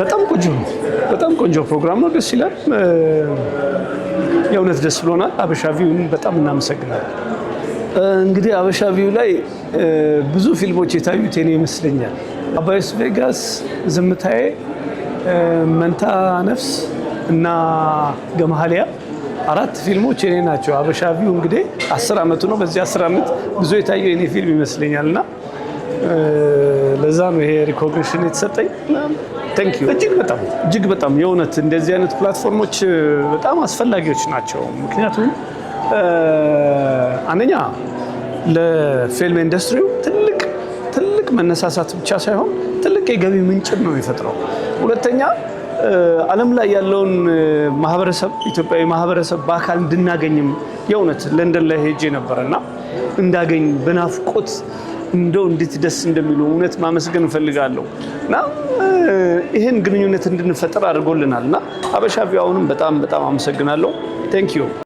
በጣም ቆንጆ ነው። በጣም ቆንጆ ፕሮግራም ነው። ደስ ይላል። የእውነት ደስ ብሎናል። አበሻ ቪውን በጣም እናመሰግናለን። እንግዲህ አበሻ ቪው ላይ ብዙ ፊልሞች የታዩት የኔ ይመስለኛል። አባዮስ ቬጋስ፣ ዝምታዬ፣ መንታ ነፍስ እና ገመሃሊያ አራት ፊልሞች የኔ ናቸው። አበሻ ቪው እንግዲህ አስር ዓመቱ ነው። በዚህ አስር ዓመት ብዙ የታየው የኔ ፊልም ይመስለኛል እና ለዛ ነው ይሄ ሪኮግኒሽን የተሰጠኝ። እጅግ በጣም እጅግ በጣም የእውነት እንደዚህ አይነት ፕላትፎርሞች በጣም አስፈላጊዎች ናቸው። ምክንያቱም አንደኛ ለፊልም ኢንዱስትሪው ትልቅ ትልቅ መነሳሳት ብቻ ሳይሆን ትልቅ የገቢ ምንጭም ነው የሚፈጥረው። ሁለተኛ ዓለም ላይ ያለውን ማህበረሰብ ኢትዮጵያዊ ማህበረሰብ በአካል እንድናገኝም የእውነት ለንደን ላይ ሄጄ ነበረ እንዳገኝ በናፍቆት እንደው እንዴት ደስ እንደሚሉ እውነት ማመስገን እንፈልጋለሁ እና ይህን ግንኙነት እንድንፈጠር አድርጎልናል እና አበሻ አሁንም በጣም በጣም አመሰግናለሁ። ቴንክ ዩ